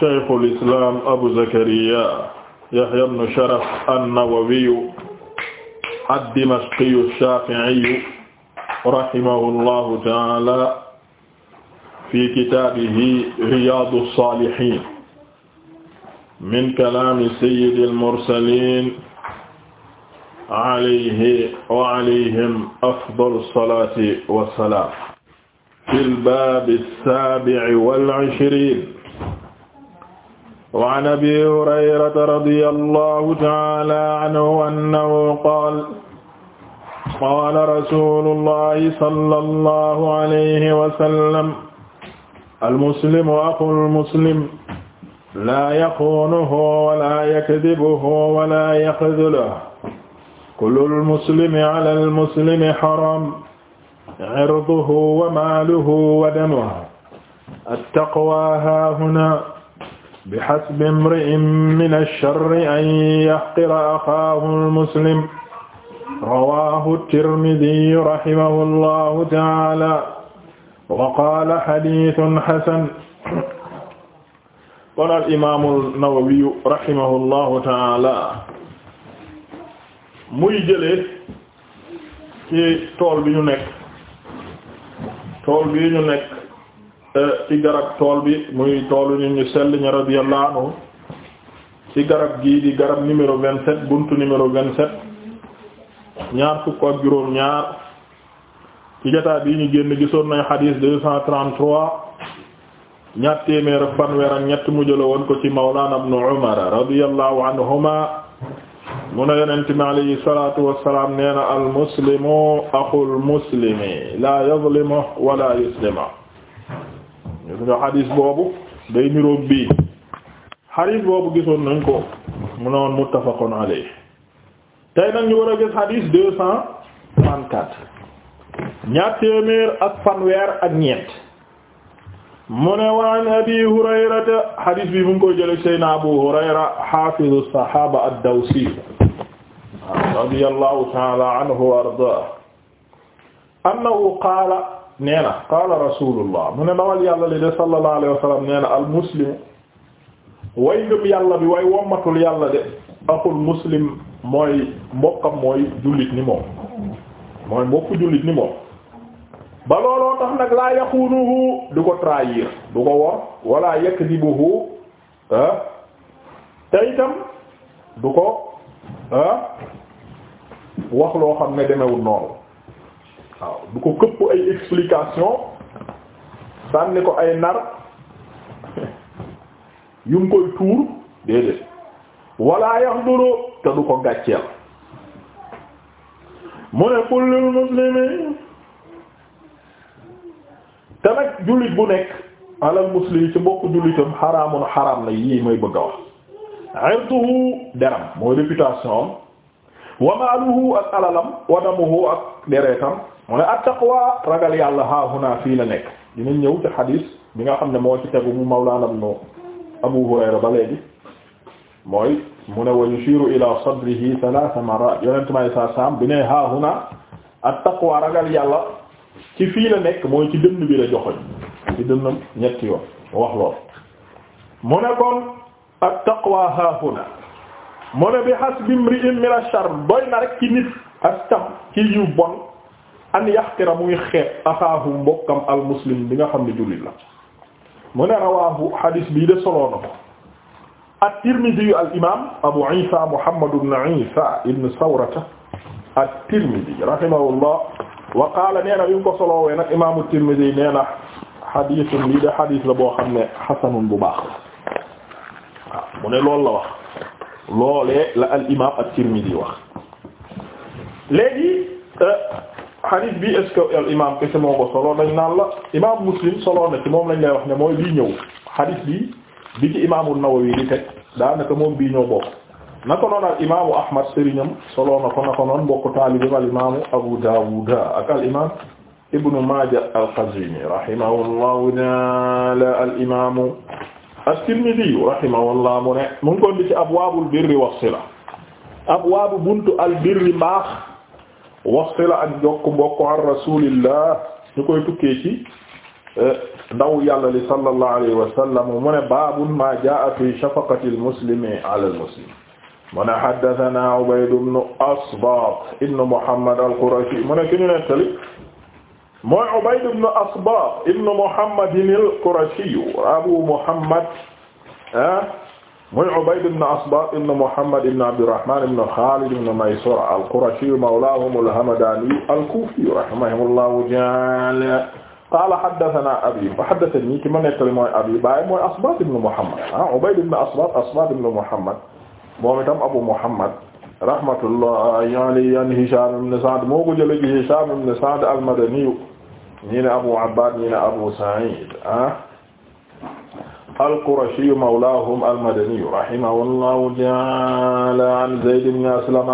shaykhul islam Abu Zakariya Yahya ibn Sharaf an-Nawawi ad-Dimashqi ash-Shafi'i rahimahullahu ta'ala fi kitaabihi Riyaadu s-Saalihiin min kalaami sayyidil mursaliin alayhi wa alayhim afdalu s-salaati wa s-salaam fil baabi s-saabi'i wal ishriin waan abi hurayrata radiyallahu ta'ala anhu annahu qaala qaala rasuulullahi sallallahu alayhi wa sallam almuslimu axul muslim laa yaxuunuhu wa laa yakdibuhu wa laa yaxzuluhu kullul muslimi alal muslimi haram irduhu wa maaluhu wa damuhu attaqwaa haahunaa bixasbi imri'in min ash-sharri an yahqira axaahu al-muslim rawaahu at-Tirmidhi rahimahu llahu ta'aala wa qaala hadiisun hasan kon al-imaamu an-Nawawi rahimahu llahu ta'aala muy jëlee ci tool bi ñu nekk tool bi ñu nekk ci garab tool bi muy toolu nit ñu sell ñu radiyallahu ci garab gii di garab numéro vingt-sept buntu numéro vingt-sept ñaar fukk ak juróom ñaar ci jotaay bii ñu génn gisoon nañ xadiis deux cent trente ak fanweer ak ñett mu jëla ko ci mawlaana ibnu Umar radiyallahu anhuma mu ne yonent mi alayhi salaatu wassalaam nee na al muslimu axul muslimi la yazlimu wala yuslimu nga xadis boobu day niroog bii xadis boobu gisoon nañ ko mu ne woon muttafaqun alayh tey nag ñu gis xadis deux cent trente-quatre ñaar ak fanweer ak ñeent mu ne waan abi hurayrata xadis bi mu ngi koy jële sayna abu hurayra xafizu sahaba ad-dawsi radiyallahu ta'ala anhu wa arda annahu qaala nee na qaala rasulullah mu ne dawal yàlla li de sallallahu alayhi wa sallam way ngëm yàlla bi way wommatul yàlla de akul muslim mooy mbokkam mooy jullit ni moom mooy mbokku jullit ni moom ba looloo tax nag laa yaxunuhu du ko trahir du ko wor wala yakdibuhu te itam du ko wax loo xam ne demewul noonu waaw du ko këpp ay explication sànni ko ay nar yu mu koy tuur déedéet wala yahduru te du ko gàcceel mu ne kullul muslimin te nag jullit bu nekk alal muslim ci mbokk jullitam xaraamun xaraam la yii may bëgg a wax irduhu deram mooy réputation am wa maaluhu ak alalam wa damuhu ak deretam mu ne attaqwa ragal yàlla haahuna fii la nekk dina ñëw ci xadiis bi nga xam ne moo ci tegu mu mawlaana ibnu abu hurayra ba léegi mooy mu ne wa ila sadrihi thalatha marrat yonent may sa saam bi ne haahuna attaqwa ragal yàlla ci fii la nekk mooy ci dënn bi la joxoñ ci dënnam ñetti wax lool mu ne kon attaqwa haahuna mu ne bi hasbi imri'in min ash-sharr doy na ci nit ak ci yu an yaxtira muy xeet axaahu mbokkam al muslim bi nga xam ne jullit la mu ne rawaahu hadis bii de solo na ko at al imaam Abu Isa Muhammad ibn Isa ibn Sawrata at-Tirmidhi rahimahullah wa qaala nee na bi mu ko soloowee nag imaamu Tirmidhi nee na xadisun lii de xadis la boo xam ne xasanun bu baax la loolu la wax loolee la al imaam at-Tirmidhi wax euh, xadis bi est-ce al imam kese moo ko solo dañ naan la imam muslim solo na ci moom lañ lay wax ne mooy bii ñëw xadis bi bi ci imaamu Nawawi di teg daanaka moom bii ñëw bokk naka noonu al imaamu Ahmad sëriñam solo na ko naka noonu bokk taalibam al imaamu Abu Dawud al imam Ibnu Maaja al-Qazwini rahimahullahu ta'ala al imaamu at-Tirmidhi rahimahullah mu ne mu ngi ko ci abwaabul birri was-sila abwaabu buntu al birri mbaax. waxsila ak jokk mbokk an rasulillah ñu koy tukkee ci e, ndaw yàlla li sallallahu alayhi wa sallam mu ne baabun ma jaa fi shafaqati almuslimi ala almuslim mu ne haddathana ubayd ibn asbat ibn muhammad al-qurashi mu ne ki ñu nettali mooy ubayd ibn asbat ibn muhammad al-qurashi abu muhammad ah muy Ubayd ibn Asbat ibn Muhammad ibn Abdurrahman ibn Khalid ibn Maysara al-Qurashi mawlahum al-Hamadani al-Kufi rahimahullahu ta'ala qaala haddathana abi wa haddathani ki ma nettali mooy abi baay mooy Asbat ibn Muhammad ah Ubayd ibn Asbat Asbat ibn Muhammad moom itam Abu Muhammad rahmatullahi alayhi an Hisham ibn Sa'd moo ko jëlee ci Hisham ibn Sa'd al-Madani ñii ne Abu Abbad ñii ne Abu Sa'id ah al-Qurashiyu mawlaahum al-Madaniyu rahimahullahu ta'aala an Zayd ibn Aslam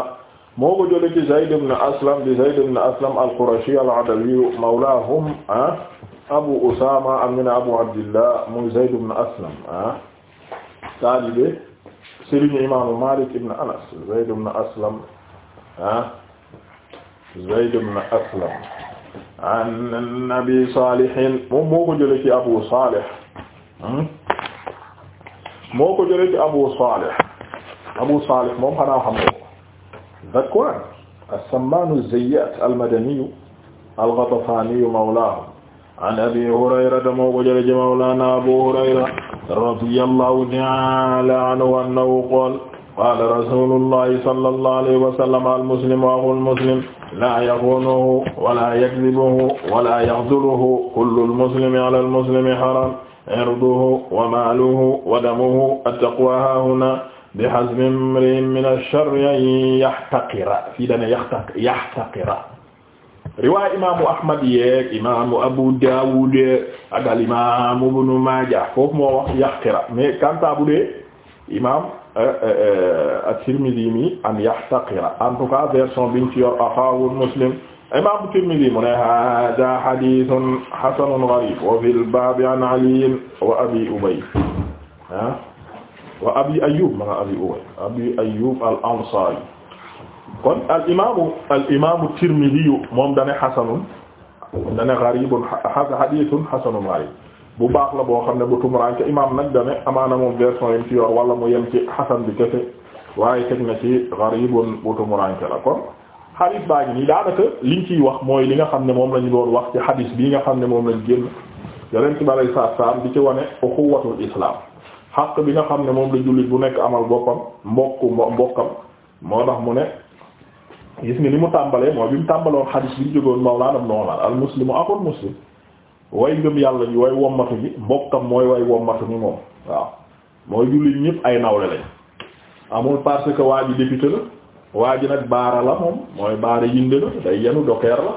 moo ko jëlee ci Zayd ibn Aslam di Zayd ibn Aslam al-Qurashiyu al-Adawiyu mawlaahum Abu Usaama am na Abu Abdillah muy Zayd ibn Aslam ah taalibe sëriñu imaamu Maalik ibn Anas Zayd ibn Aslam ah Zayd ibn Aslam an Nabi Saalih moom moo ko jëlee ci Abu Saalih hmm. moo ko jëlee ci Abu Salih Abu Salih moom xanaa xam nga ko Zakwan as-Samman az-Zayyat al-Madani al-Ghatafani mawlahum an Abi Hurayrata moo ko jëlee ci mawlana Abu Hurayra radiyallahu ta'ala anhu annahu qala qala rasulullahi sallallahu alayhi wa sallam al-muslimu akhul muslim la yakhunuhu wa la yakdhibuhu wa la yakhdhuluhu kullu al-muslimi ala al-muslimi haram irduhu wa maaluhu wa damuhu attaqwa haahuna bihazmi imri'in mina sharri an yahtaqira fii dana yahtaqira riwaay imaamu Ahmad yeeg imaamu Abu Dawud ak al imaamu Ibnu Maaja foofu moo wax yahtaqira mais kanta bu dee imaam euh, euh, euh, at-Tirmidhi mi an yahtaqira en tout cas version bi ñu ci yor axaahu Muslim imam Tirmidhi mu ne hada hadithun hasanun gharib wa fil bab an Ali wa abi Ubay ah wa abi Ayyub ma nga abi Ubay abi Ayyub al-Ansari kon al imamu al imamu Tirmidhi moom dane hasanun dane gharibun hadithun hasanun gharib bu baax la boo xam ne bu tumuranke imam nag dane amaana moom version yim ci yor wala mu yem ci hasan bi kese waaye teg na ci gharibun bu tumuranke la kon xadis baa ngi nii daanaka liñ ciy wax mooy li nga xam ne moom lañu doon wax ci xadis bii nga xam ne moom lañ génn yeneen ci balay saa saam di ci wane uxuwatul islam xaq bi nga xam ne moom la jullit bu nekk amal boppam mbokku mbokkam moo tax mu ne gis ni li mu tàmbalee mooy bi mu tàmbaloon xadis bi ñu jógoon Mawlaana Ibn Umar al muslimu akul muslim woy ngëm yàlla ji way wommatu bi mbokkam mooy woy wommatu ni moom waaw mooy jullit ñëpp ay nawle lañ waa ji nag baara la moom mooy baara yinde la day yenu dokeer la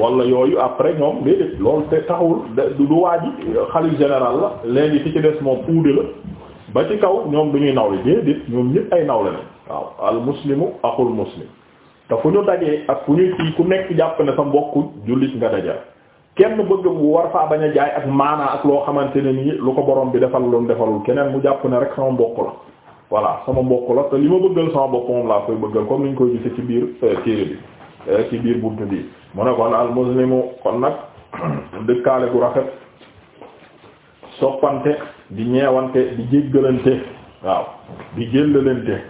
wala yooyu après ñoom déedéet loolu te taxul du waa ji xalif général la léegi fi ci des moom uude la ba ci kaw ñoom du ñuy nawle déedéet ñoom ñëpp ay nawle lañ waaw al muslimu axul muslim te fu ñu dajee ak fu ñu kii ku nekk jàpp ne sa mbokku jullit nga dajal kenn bëgg mu war faa bañ a jaay ak maanaa ak loo xamante ne nii lu ko borom bi defal loon defalul keneen mu jàpp ne rek sama mbokk la voilà sama mbokk la te li ma bëggal sama mbokk moom laa koy bëggal comme ni ñu koy gise ci biir euh, euh, ci biir buntu bi mu ne kon al muslimu kon nag dëkkaale gu rafet soppante di ñeewante di jéggalante waaw di jëndalante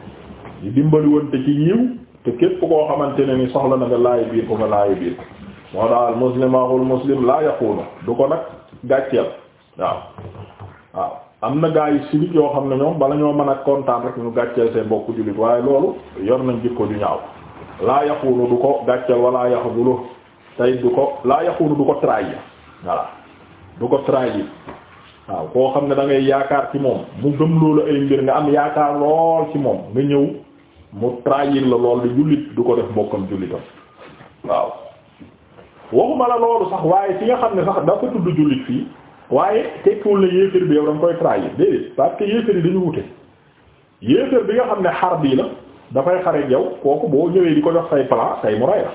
di dimbaliwante ci yiw te képp koo xamante ne ni soxla na nga laay biir ko nga laay biir moo daal muslim axul muslim laa yaqunu du ko nag gàcceel waaw waaw am na gaa yu sirik yoo xam ne ñoom bala ñoo mën a kontaan rek ñu gàcceel seen bokku jullit waaye loolu yor nañ jikko ju ñaaw laa yaqulu du ko gàcceel wala yaqulu tey du ko laa yaqulu du ko trahir voilà du ko trahir waaw koo xam ne dangay yaakaar ci moom mu gëm loolu ay mbir nga am yaakaar lool ci moom nga ñëw mu yi la lool di jullit du ko def bokkam jullitam waaw waxuma la loolu sax waaye ci nga xam ne sax dafa tudd jullit fii waaye tekkiwul ne yéeféer bi yow da nga koy trahir déedéet parce que yéeféer yi dañu wute yéeféer bi nga xam ne xar bii la dafay xareeg yow kooku boo ñëwee di ko jox say plan say mu rey la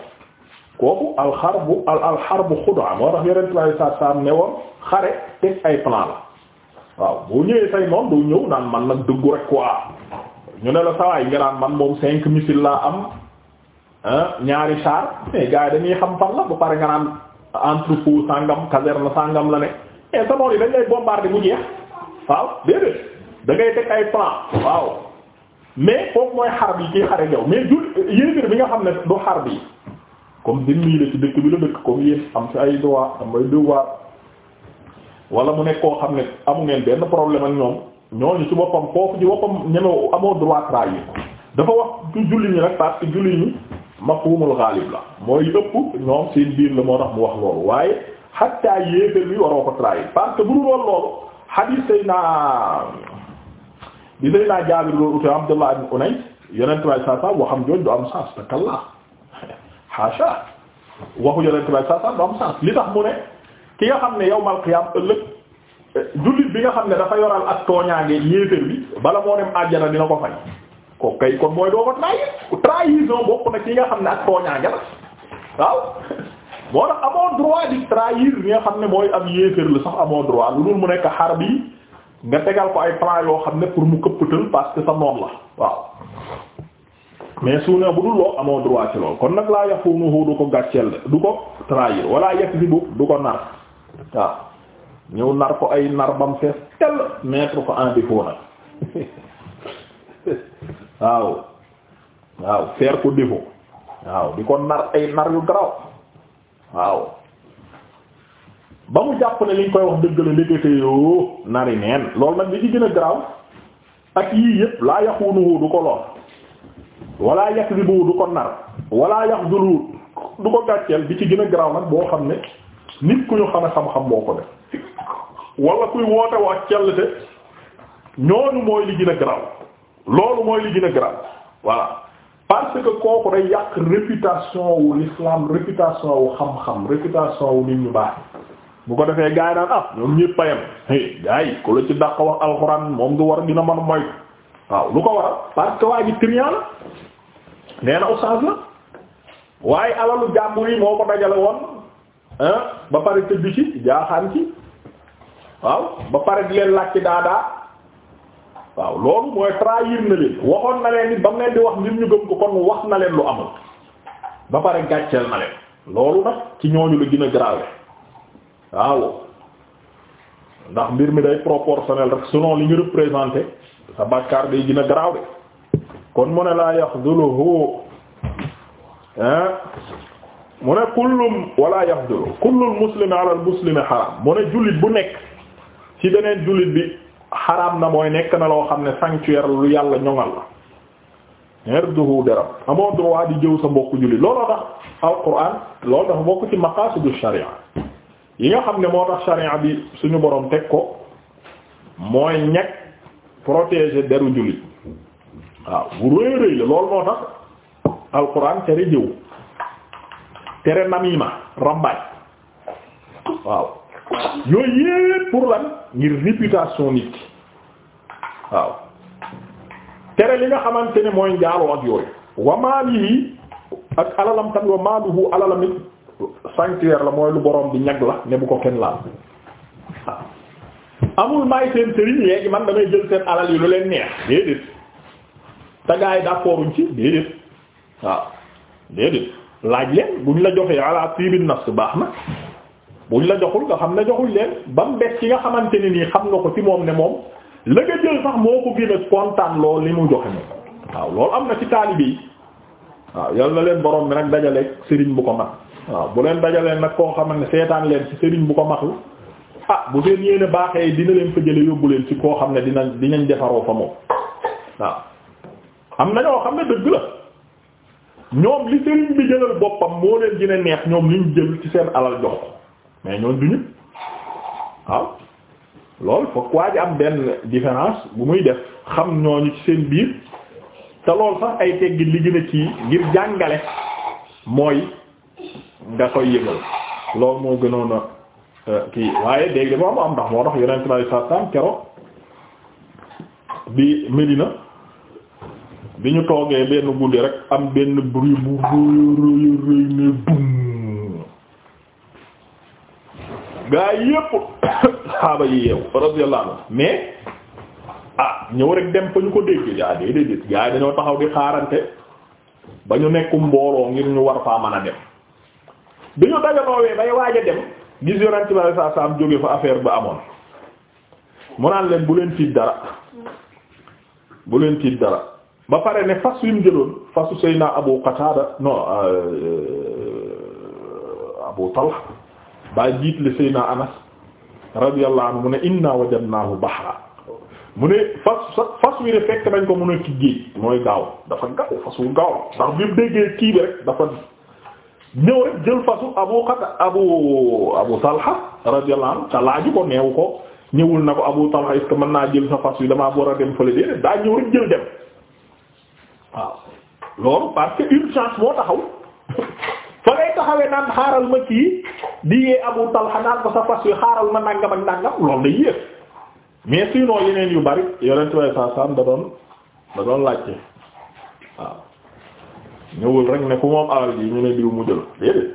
kooku alxarbu al alxarbu xudaa moo tax yeneen plan yi saa ne woon xare teg ay plan la waaw boo ñëwee say noon doo ñëw naan man nag dëggu rek quoi ñu ne la sawaay nga naan man moom cinq missiles laa am ñaari char mais gars yi dañuy xam fan la ba pare nga naan entrepôt sangam caserne la ne. et eh, sa noon yi dañ lay bombarder mu jeex waaw déedéet da ngay teg ay plan waaw mais foofu mooy xar bi ciy xare yow mais jul yéegér bi nga xam ne du xar bi comme dimmi la ci dëkk bi la dëkk comme yéen am si ay droit am ay devoir wala mu nekk koo xam ne amu ngeen benn problème ak ñoom ñooñu ci boppam kooku ci boppam ñemew amoo droit trahir dafa wax ci julli ñi rek parce que julli ñi mafhumul ghalib la mooy ëpp ñoom seen biir la moo tax mu wax loolu waaye xatta yéegal bi waroo ko trahir parce que bu dul woon loolu hadith sayna bi sayna Jaabir loolu uti Abdullah ibn Unay yonent bi saa saa waxam jooju du am sens te kallaa haasha waxu yonent bi saa saa du am sens li tax mu ne ki nga xam ne yawmal qiyaam ëllëg jullit bi nga xam ne dafa yoral ak tooñaange yéeféer bi bala moo dem àjjana dina ko fay ko kon mooy doo ko trahir trahison bokk na ki nga xam ne ak tooñaange la waaw moo tax amoo droit di trahir li nga xam ne mooy am yéeféer la sax amoo droit lu mu nekk xar yi nga tegal ko ay plan loo xam ne pour mu këppatal parce que sa noon la waaw mais su ne bu dul loo amoo droit ci loolu kon nag laa yafunuhu du ko gàcceel du ko trahir wala yakzibu du ko nar waaw ñëw nar ko ay nar bam fees tel mettre ko en défaut nag waaw waaw faire ko défaut waaw di ko nar ay nar yu garaw waaw ba mu jàpp ne liñ koy wax dëgg la ndekete yoo nari neen loolu nag li ci gën a garaaw ak yii yëpp laa yaxunuhu du ko lool wala yakdibu du ko nar wala yaxdulu du ko gàcceel bi ci gën a garaaw nag boo xam ne nit ku ñu xam xam-xam boo ko def wala kuy woote wax cell te ñooñu mooy li gën a garaaw loolu mooy li gën a garaaw voilà parce que kooku da yàq réputation wu l'islam réputation wu xam-xam réputation wu nit ñu baax bu ko defee gaay naan ah ñoom ñépp a yem hey gaay ku la ci dàq wax alxuraan moom du war na mën moytu waaw lu ko waral parce que waa ji triant la nee na oustaz la waaye alalu jàmbur yi moo ko dajale woon ba pare tëdd ci jaaxaan ci waaw ba pare di leen làkki daadaa waaw loolu mooy trahir na leen waxoon na leen ba mu leen di wax ngir ñu gëm ko kon wax na leen lu amul ba pare gàccel na leen loolu nag ci ñooñu lu gën a waaw ndax mbir mi day proportionnel rek selon li ñu représenté sa bàkkaar day gën a grave kon mu ne laa yaxduluhu hein mu ne kullum wala yaxdulu kullul muslimi ala al muslimi xaram mu ne jullit bu nekk ci beneen jullit bi xaraam na mooy nekk na loo xam ne sanctuaire lu yàlla ñoŋal la irduhu deram amoo droit di jëw sa mbokk julli looloo tax alquran loolu dafa bokk ci maqasidu sharia yi nga xam ne moo tax sharia bi suñu boroom teg ko mooy ñekk protéger deru julli waaw bu rëy rëy la moo tax alquran tere jëw tere namima rambaaj waaw yooyu yépp pour lan ngir réputation nit ki waaw tere li nga xamante ne mooy njaaloo ak yooyu wa maalihi ak alalam tam wa maaluhu alalam it sanctuaire la mooy lu borom bi ñag la ne bu ko kenn laal waaw amul maay seen sëriñ léegi man damay jël seen alal yi lu leen neex déedéet te gaa ci déedéet waaw déedéet laaj leen buñ la joxee ala tiibin nafs baax na buñ la joxul nga xam ne joxul leen ba mu des ci nga xamante ne nii xam nga ko ci moom ne moom la nga jël sax moo ko gën kontaan lool li mu joxe moom waaw loolu am na ci taalibe yi waaw yal na leen borom bi nag dajaleeg sëriñ bu ko mat waaw bu leen dajalee nag koo xamante ne seetaan leen ci sëriñ bu ko mat ah bu seen yéene baaxee dina leen fa jële yóbbu leen ci koo xam ne dinañ dinañ defaroo fa moom waaw am na ñoo xam ne dëgg la ñoom li sëriñ boppam moo leen gën neex ñoom liñ jël ci seen alal jox mais ñoon duñu waaw loolu fokk waa am benn différence bu muy def xam ñooñu ci seen biir te loolu sax ay teggi li gën a ngir jàngale mooy nga koy yëgal loolu moo gënoon a euh, kii waaye dégg dafa am am ndax moo tax yonent bi saa saam kero bi Medina bi ñu toogee benn guddi rek am benn bruit bu rëy rëy rëy ne bum gaa yépp saaba yi yeewu radiyallahu anhu mais ah ñëw rek dem fa ñu ko dégg yaa déedéet gaa yi dañoo taxaw di xaarante ba ñu nekkum mbooloo ngir ñu war faa mën a dem bi ñu daganoowee bay waaj a dem gis yonent bi sallallahu alayhi jóge fa affaire ba amoon mu naan leen bu leen tiit dara bu leen tiit dara ba pare ne fas yu mu jëloon fasu Seydina Abu Qatada non euh, Abu Talha baa jiitle Seydina Anas radiyallahu anhu mu ne inna wajadnaahu bahra mu ne fas fas wi ne fekk nañ ko mu nekk géej mooy gaaw dafa gaaw fas wu gaaw ndax bi mu déggee kii bi rek dafa ñëw rek jël fasu abu xat abu abu talha radiyallahu anhu te ko neewu ko ñëwul na ko abu talha est-ce que mën naa jël sa fas wi damaa war a dem fële daa ñëw rek jël dem waaw loolu parce que une chance moo taxaw fa ngay taxawee naan xaaral ma kii di yee Abu Talha naan ko sa fas yu xaaral ma nangam ak nangam loolu day yéex mais sinon yeneen yu bari yonent way saa saam da doon da doon laajte waaw ñëwul rek ne ku moom alal ji ñu ne diw mu jël déedéet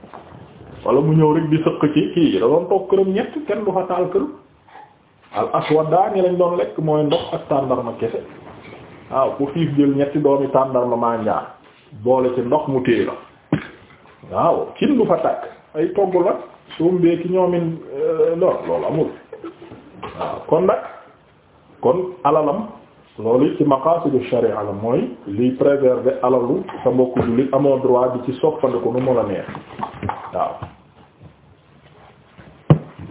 wala mu ñëw rek di sëq ci kii da doon toog këram ñett kenn du fa taal këram al aswadaani lañ doon lekk mooy ndox ak tàndarma kese waaw ku xiif jël ñetti doomi tàndarma maa njaar boole ci ndox mu téye la waaw kin du fa tàkk ay togg la suum bee ki ñoomin euh, loolu amul waaw kon nag kon alalam loolu ci maqaasidu sharia la mooy liy préserver alalu sa mbokku jullit amoo droit bi ci soppandiku nu mu la neex waaw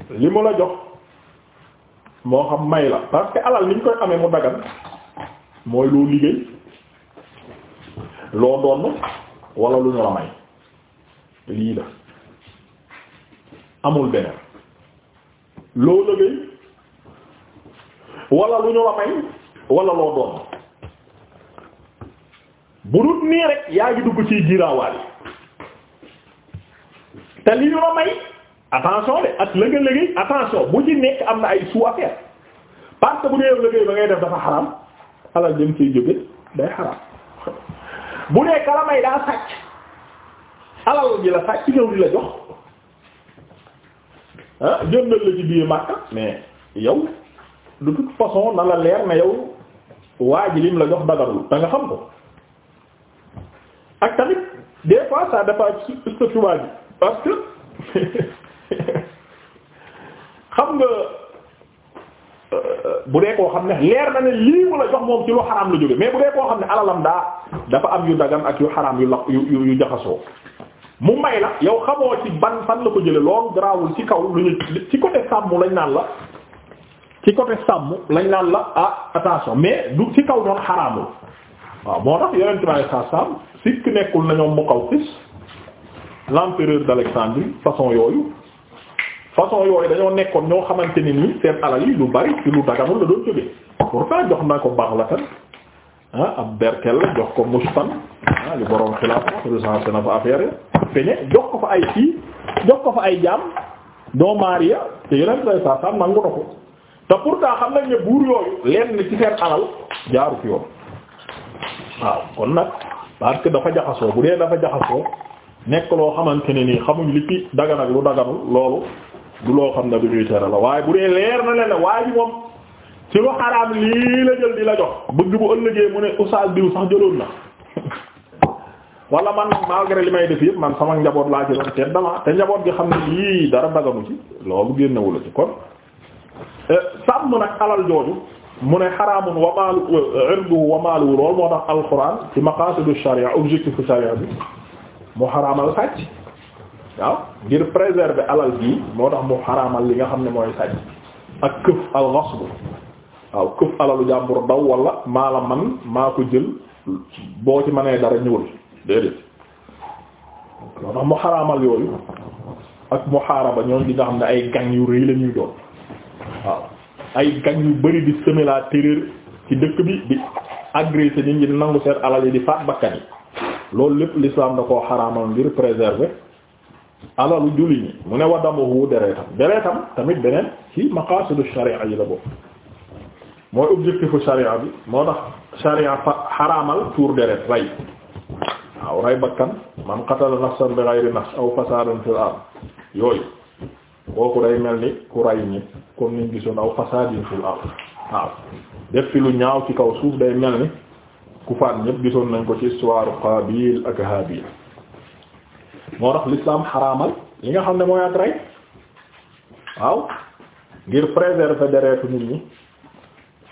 li mu la jox moo xam may la parce que alal ni ñu koy amee mu dagan mooy loo liggéey loo doon wala lu ñu la may lii la amul beneen loo lëgëy wala lu ñu la may wala loo doon bu dut nii rek yaa ngi dugg ciy giraawaal yi te li ñu la may attention de ak lëgë lëgëy attention bu ci nekk am na ay sous-affaires parce bu dee lëgëy ba ngay def dafa xaram alal jëm ciy jóge day xaram bu dee kala may daa sàcc alal ji la sàcc ñëw di la jox ah jëndal la ci biir Makka mais yow de toute façon na la leer na yow waa ji lim la jox dagarul da xam ko ak tamit des fois ça dépend ci statut waa ji xam nga euh, bu dee koo xam ne leer na ne lii mu la jox moom ci lu xaraam la jóge mais bu dee koo xam ne alalam daa dafa am yu dagan ak yu xaram yu la yu yu jaxasoo mu may la yow xamoo ci ban fan la ko jële loolu garaawul ci kaw lu ñu ci côté sàmm lañ naan la ci côté sàmm lañ naan la ah attention mais du ci kaw noonu xaraamul waaw moo tax yeneen ci maay sa sàmm sikk nekkul na ñoom Muqawqis l'empereur d'Alexandrie façon yooyu façon yooyu dañoo nekkoon ñoo xamante ni nii seen alal yi lu bari ci lu daganul la doon jógee pourtant jox naa ko baax la Ah, ab berkel jox ko mustan ah, li borom xilaaf recensé na fa affaire peñe jox ko fa ay fii jox ko fa ay jaam doo maria te yeneen sa saa saa nangu na ne buur yooyu leen ci jaaru fi yoon kon nag parce que dafa jaxasoo dee dafa jaxasoo nekk loo xamante ne nii xamuñ li ci dagan loolu du loo xam ne du ñuy la waaye bu dee leer na leen waaye ji moom ci lu xaraam lii la jël di la jox bëgg bu ëllëgee mu ne oustaz diw sax jëloon na wala man malgré li may def man sama njaboot laa ci doon te njaboot gi xam ne yii dara daganu ci loolu génnewu la ci kon eh, sàmm nag alal jooju mu ne xaraamun wa maalu eh, irduhu wa maaluhu loolu moo tax alquran ci maqaasidu sharia objectif sharia bi mu xaraamal sàcc waaw ngir préserver alal gi moo tax mu xaraamal li nga xam ne mooy sàcc ak këf al-ghasb waaw këf alalu jàmbur daw walla maa la man maa ko jël boo ci manee dara ñëwal déedéet loo tax mu xaraamal yooyu ak muhaaraba ñoom di nga xam ne ay gang yu rëy la doon waaw ay gang yu bari di semer la terreur ci dëkk bi di agresser nit ñi di nangu seen alal yi di faat bakkan yi loolu lépp l'islam da koo xaraamal ngir préserver alalu julli ñi mu ne wa damuhu deretam deretam tamit beneen ci maqaasidu sharia yi la bokk mooy objectifu sharia bi moo tax sharia fa xaraamal tuur deret rey waaw rey bakkan man qatala nafsan bi ghayri nafs aw fasadun fil ard yooyu kooku day mel ni ku rey ñi comme niñ gisoon aw fasadin fil ard waaw def fi lu ñaaw ci kaw suuf day mel ni ku faat ñëpp gisoon nañ ko ci histoire Qaabil ak Haabil moo tax l'islam xaraamal li nga xam ne mooy ak rey waaw ngir préserver deretu nit ñi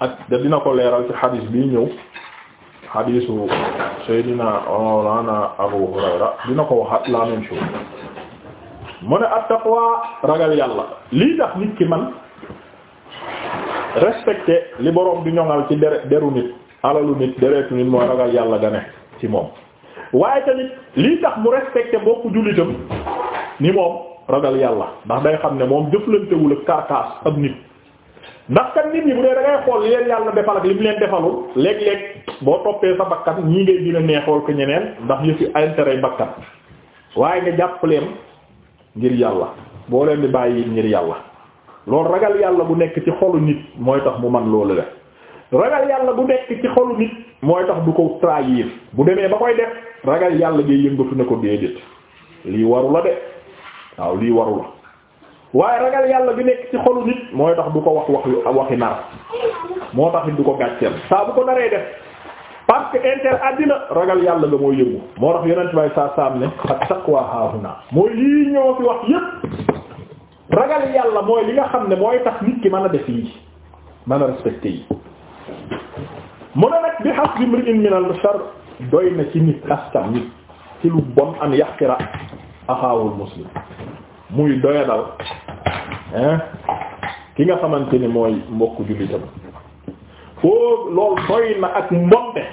ak da dina ko leeral ci xadis bi ñëw xadisu Seydina Mawlana Abu Hurayra dina ko wax la même chose mu ne at-taqwa ragal yàlla lii tax nit ki man respecté li borom di ñoŋal ci dere deru nit alalu nit deretu nit mooy ragal yàlla ga ci moom waaye tamit lii tax mu respecté bokku jullitam ni moom ragal yàlla ndax day xam ne moom jëflantewul ak karkaas ab nit ndax kat nit ñi bu dee da ngay xool leen yàlla defal li mu leen defalul léeg-léeg boo toppee sa bakkan ñii ngay gën a neexoo ko ñeneen ndax yëfi intérêt bakkan waaye nga leen ngir yàlla boo leen di bàyyi ngir yàlla loolu ragal yàlla bu nekk ci xolu nit mooy tax mu man loolu la ragal yàlla bu nekk ci xolu nit mooy tax du ko trahir bu demee ba koy def ragal yàlla ngay yëngatu ne ko déedéet lii warula de waaw lii waru waaye ragal yàlla bi nekk ci xolu nit mooy tax du ko wax waxi nar moo tax du ko gàcceel saa bu ko naree def parce que inter àddina ragal yàlla nga mooy yëngu moo tax yonent bay saa saam ne ak taqwa haahuna mooy lii ñoo fi wax yépp ragal yàlla mooy li nga xam ne mooy tax nit ki mën a def yi mën a respecté yi mu ne nag bi xas bi mri'in min al shar doy na ci nit askan nit ci lu bon an yaqira axaawul muslim muy doyadal ki nga xamante ni mooy mbokk jullitam foo loolu doy na ak mbonte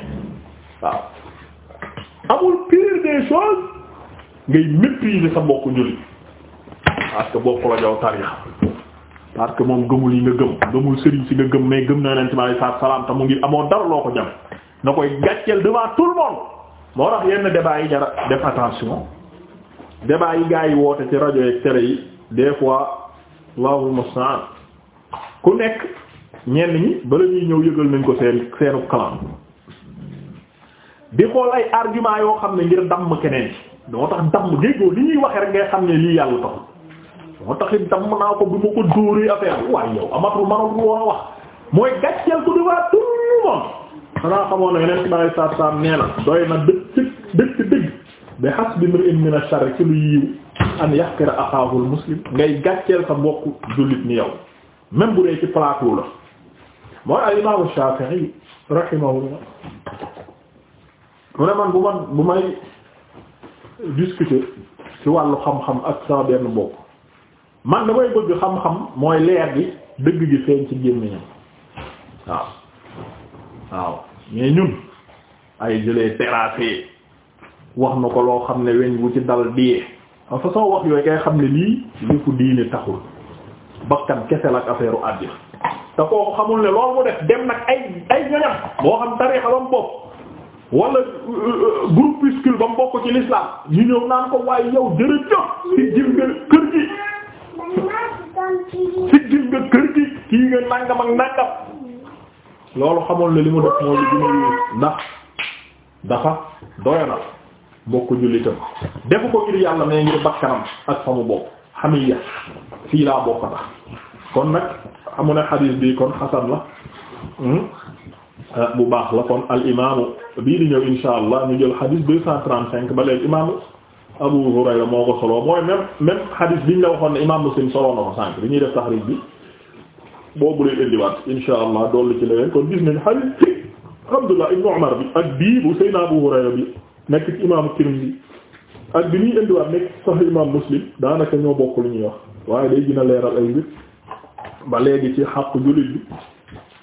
waaw amul pire des choses ngay mépriser sa mbokk jullit parce que bokku la jow tarixa parce que moom gëmul yi nga gëm gëmul sëriñ si nga gëm mais gëm na yonent bi alayhi salaatu salaam te mu ngi amoon dara loo ko jame na koy gàcceel devant tout le monde moo tax yenn débat yi jara def attention débat yi gaa yi woote ci rajo yeeg télé yi des fois Allahu musta'an ku nekk ñenn ñi bala ñuy ñëw yëgal nañ ko seen seenu kalam di xool ay argument yoo xam ne ngir damm keneen ci moo tax damm déggoo li ñuy waxe rek ngay xam ne lii yàlla taxul moo taxit damm naa ko bi ma ko dóoree affaire waaye yow amatul manal bu a wax mooy gàcceel ko devant tout le monde a xamoon na yeneen bari saab saab nee doy na dëkk dëkk dëgg bi hasbi mar'in min ash ci lu yiw am yaqira axaahul muslim ngay gàcceel sa mbokk jullit ni yow même bu dee ci plateau la mooy al imaamu Shaafi'i rahimahullah mu ne man bu man bu may discuter ci wàllu xam-xam ak sama benn mbokk man damay bëgg xam-xam mooy leer gi dëgg gi feeñ ci gémmiñam waaw waaw mais ñun ay jëlee terrassé wax na ko loo xam ne weñ wu ci dal diyee en façon wax yooyu ngay xam ne lii yëfu diine taxul bakkan kese la ak affaire u àddina te kooku xamul ne loolu mu def dem nag ay ay ñoñam moo xam tarixa ba mu bopp wala euh, groupuscule ba mu ci l'islam ñu ñëw naan ko waaye yow jërëjëf si jil nga kër gi si jil nga kër gi kii nga nàngam ak nàngam loolu xamul ne li mu def moo li dina ndax dafa doya mbokku jullitam defu ko ngir yàlla mais ngir bakkanam ak fa mu bopp xamiya fii laa bokk tax kon nag amu ne xadiis bi kon xasan la hmm? ah, bu baax la kon al imaamu bii di ñëw insha allah jël xadiis deux cent trente-cinq imaamu Abu Hurayra moo ko mooy même même xadiis bi ñu la imaam Muslim solo na ko sànq bi ñuy def taxriij bi boobu lay indiwaat insha allah dolli ci leneen kon gis nañu xadiis Abdullah ibn Umar bi ak bii bu Seydina Abu Hurayra bi nekk ci imaamu Tirmidhi ak bi ñuy indiwaat nekk sax imaam Muslim daanaka ñoo bokk lu ñuy wax waaye day gën a leeral ay mbir ba léegi ci xàq jullit bi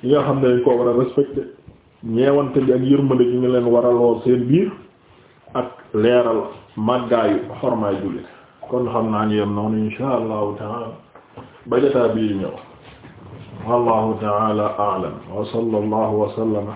yi nga xam ne dañ war a respecté ñeewante bi ak yërmande leen waraloo seen biir ak leeral màggaayu xormaay jullit kon xam naa ñu yem noonu insha allahu taala ba jotaay bii ñëw wallahu taala a'lam wa sallallahu wa sallama